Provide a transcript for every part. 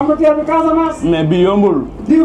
frontière bi Casamance. mais bi yombul. diw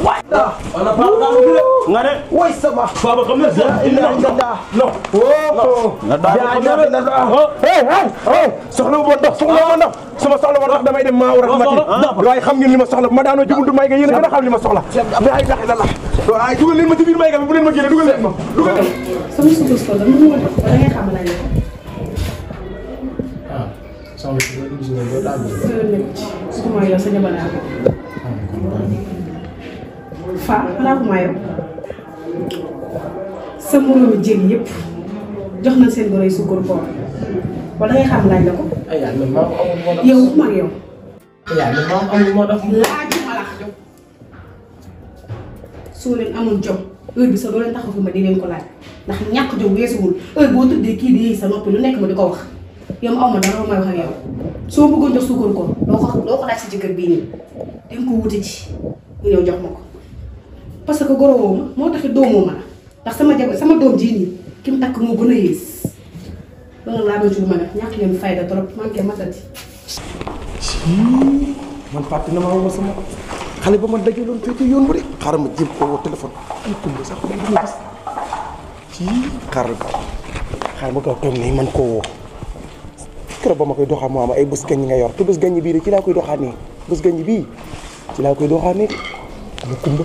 What the? On n'a pas regardé. Oui, ça va. Baba, comme ça. Non. Oh, Hey, hey, hey. Soxla hei, hei, soxla mo dox. Sama soxla mo dox damay dem ma war rahmati. Way xam ngeen lima soxla, ma daano ci buntu may ga yeen gëna xam lima soxla. La ilaha illallah. Do ay dugal leen ma ci biir may ga bu leen ma gëne dugal leen ma. Dugal. Sama soxla soxla dama mo dox, da ngay xam la ñu. Ah. Sama soxla dama ci do daal. Sama yow sa jabar Fall xanaa ko maa yow sa moroomi jën yëpp jox nañ seen goro yi sukkur koor wala xam laaj la ko. aywa man maa amul soo leen amul jom heure bi sax loo leen taxawu ma di leen ko laaj ndax ñàkk jom weesuwul heure boo tëddee kii di sa noppi lu nekk ma di ko wax yow aw ma dara ma wax ak yow soo bëggoon jox sukkur ko doo ko laaj si jëkkër bii nii dem ko wuti ci mu ñëw jox ma ko. parce que gorowuma tak taxé mau ma, ndax sama jabo sama doom ji ni kim tak mo gëna gën a yées loolu laa doon ma def ñak leen fayda trop man ke matati. man fàtte na ma woo sama xali ba ma dajé lu fii ci yoon bu de xaaral ma kau koo téléphone ay kumba sax ko dina gis ci xar xar ma ko tok ni man ko woo keroog ba ma koy doxaa moo ay bés gañ nga yor te gañ bii ci la koy doxaa nii gañ bi ci la koy doxaa nii kumba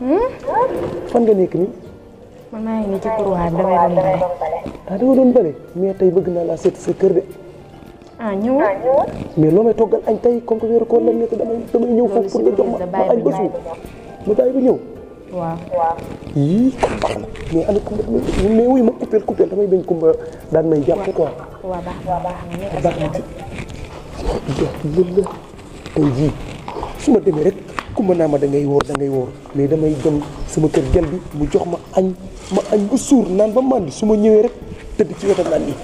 fan nga nekk nii. man maa ngi nii ci couloir damay doon bële. ah dama doon bële mais tey bëgg naa laa seet sa kër de. ah ñëwoon. mais loo may toggal añ tey comme que weeru koor la nekk damay damay ñëw foofu pour nga jox ma ma añ ba suuf ma bàyyi ba ñëw. waaw. yii baax na mais ana kumba mais wuy ma coupeel coupeel damay bañ kumba daan may jàpp quoi. waaw baax na baax na baax na ci. tey jii su ma demee rek. ku naa ma da ngay wóor da ngay wóor mais damay dem sama kër gel bi mu jox ma añ ma añ ba suur naan ba màndi su ma ñëwee rek tëdd ci wetam naan nii